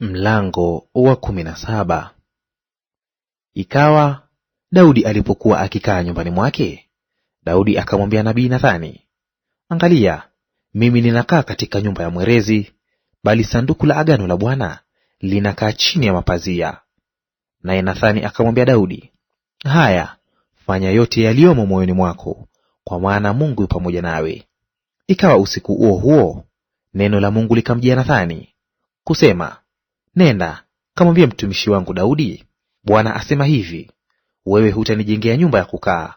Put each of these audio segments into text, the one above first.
Mlango wa kumi na saba. Ikawa Daudi alipokuwa akikaa nyumbani mwake, Daudi akamwambia nabii Nathani, Angalia, mimi ninakaa katika nyumba ya mwerezi, bali sanduku la agano la Bwana linakaa chini ya mapazia. Naye Nathani akamwambia Daudi, Haya, fanya yote yaliyomo moyoni mwako, kwa maana Mungu yu pamoja nawe. Ikawa usiku huo huo neno la Mungu likamjia Nathani kusema, Nenda kamwambie mtumishi wangu Daudi, Bwana asema hivi, wewe hutanijengea nyumba ya kukaa.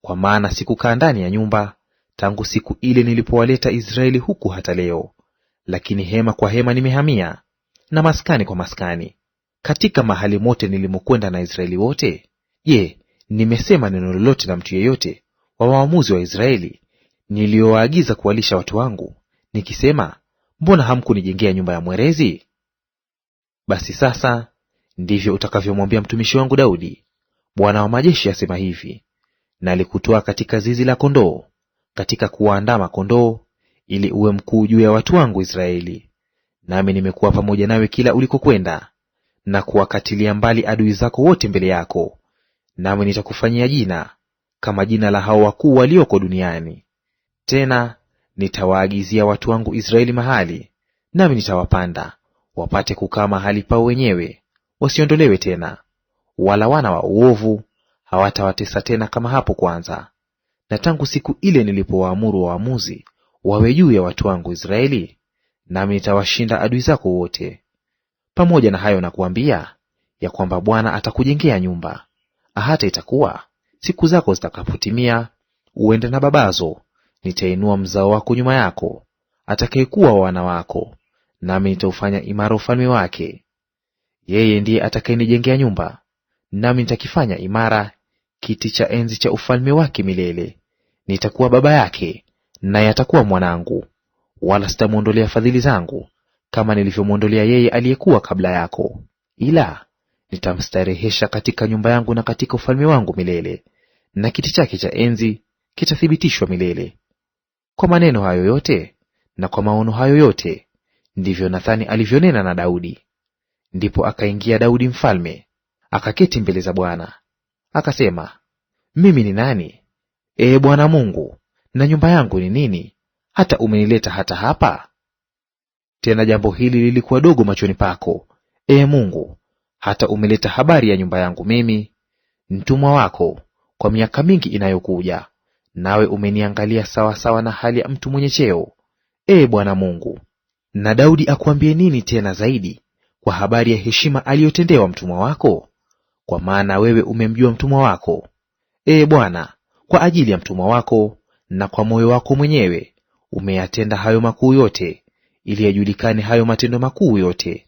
Kwa maana sikukaa ndani ya nyumba tangu siku ile nilipowaleta Israeli huku hata leo, lakini hema kwa hema nimehamia, na maskani kwa maskani. Katika mahali mote nilimokwenda na Israeli wote, je, nimesema neno lolote na mtu yeyote wa waamuzi wa Israeli niliyowaagiza kuwalisha watu wangu, nikisema, mbona hamkunijengea nyumba ya mwerezi? Basi sasa ndivyo utakavyomwambia mtumishi wangu Daudi, Bwana wa majeshi asema hivi, nalikutoa katika zizi la kondoo, katika kuwaandama kondoo, ili uwe mkuu juu ya watu wangu Israeli. Nami nimekuwa pamoja nawe kila ulikokwenda, na kuwakatilia mbali adui zako wote mbele yako, nami nitakufanyia jina kama jina la hao wakuu walioko duniani. Tena nitawaagizia watu wangu Israeli mahali, nami nitawapanda wapate kukaa mahali pao wenyewe, wasiondolewe tena; wala wana wa uovu hawatawatesa tena kama hapo kwanza. Na tangu siku ile nilipowaamuru waamuzi wawe juu ya watu wangu Israeli, nami nitawashinda adui zako wote. Pamoja na hayo nakuambia ya kwamba Bwana atakujengea nyumba. Hata itakuwa siku zako zitakapotimia uende na babazo, nitainua mzao wako nyuma yako, atakayekuwa wana wako, nami nitaufanya imara ufalme wake. Yeye ndiye atakayenijengea nyumba, nami nitakifanya imara kiti cha enzi cha ufalme wake milele. Nitakuwa baba yake, naye atakuwa mwanangu, wala sitamwondolea fadhili zangu kama nilivyomwondolea yeye aliyekuwa kabla yako, ila nitamstarehesha katika nyumba yangu na katika ufalme wangu milele, na kiti chake cha enzi kitathibitishwa milele. Kwa maneno hayo yote na kwa maono hayo yote Ndivyo Nathani alivyonena na Daudi. Ndipo akaingia Daudi mfalme, akaketi mbele za Bwana. Akasema, mimi ni nani, ee Bwana Mungu, na nyumba yangu ni nini, hata umenileta hata hapa? Tena jambo hili lilikuwa dogo machoni pako, ee Mungu, hata umeleta habari ya nyumba yangu mimi, mtumwa wako, kwa miaka mingi inayokuja, nawe umeniangalia sawasawa na hali ya mtu mwenye cheo, ee Bwana Mungu. Na Daudi akuambie nini tena zaidi kwa habari ya heshima aliyotendewa mtumwa wako? Kwa maana wewe umemjua mtumwa wako, Ee Bwana, kwa ajili ya mtumwa wako na kwa moyo wako mwenyewe umeyatenda hayo makuu yote, ili yajulikane hayo matendo makuu yote.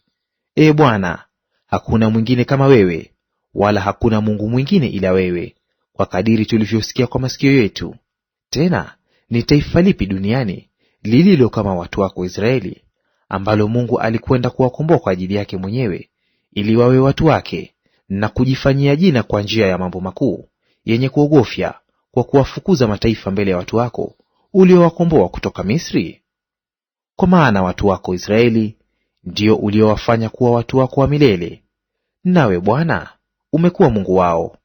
Ee Bwana, hakuna mwingine kama wewe, wala hakuna Mungu mwingine ila wewe, kwa kadiri tulivyosikia kwa masikio yetu. Tena ni taifa lipi duniani lililo kama watu wako Israeli, ambalo Mungu alikwenda kuwakomboa kwa ajili yake mwenyewe ili wawe watu wake, na kujifanyia jina kwa njia ya mambo makuu yenye kuogofya, kwa kuwafukuza mataifa mbele ya watu wako uliowakomboa kutoka Misri? Kwa maana watu wako Israeli ndio uliowafanya kuwa watu wako wa milele, nawe Bwana umekuwa Mungu wao.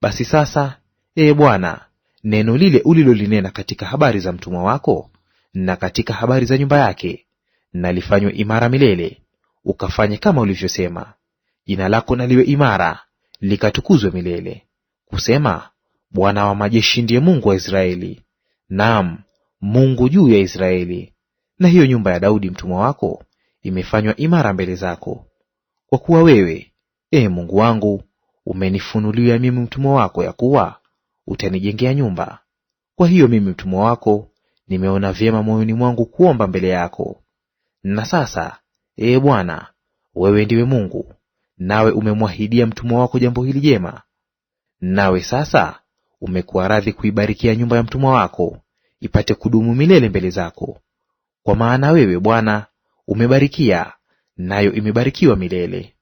Basi sasa, ee Bwana, neno lile ulilolinena katika habari za mtumwa wako na katika habari za nyumba yake, na lifanywe imara milele, ukafanye kama ulivyosema. Jina lako na liwe imara, likatukuzwe milele, kusema, Bwana wa majeshi ndiye Mungu wa Israeli, naam, Mungu juu ya Israeli. Na hiyo nyumba ya Daudi mtumwa wako imefanywa imara mbele zako, kwa kuwa wewe, e Mungu wangu, umenifunulia mimi mtumwa wako ya kuwa utanijengea nyumba. Kwa hiyo mimi mtumwa wako nimeona vyema moyoni mwangu kuomba mbele yako, na sasa, Ee Bwana, wewe ndiwe Mungu, nawe umemwahidia mtumwa wako jambo hili jema. Nawe sasa umekuwa radhi kuibarikia nyumba ya mtumwa wako, ipate kudumu milele mbele zako. Kwa maana wewe, Bwana, umebarikia, nayo imebarikiwa milele.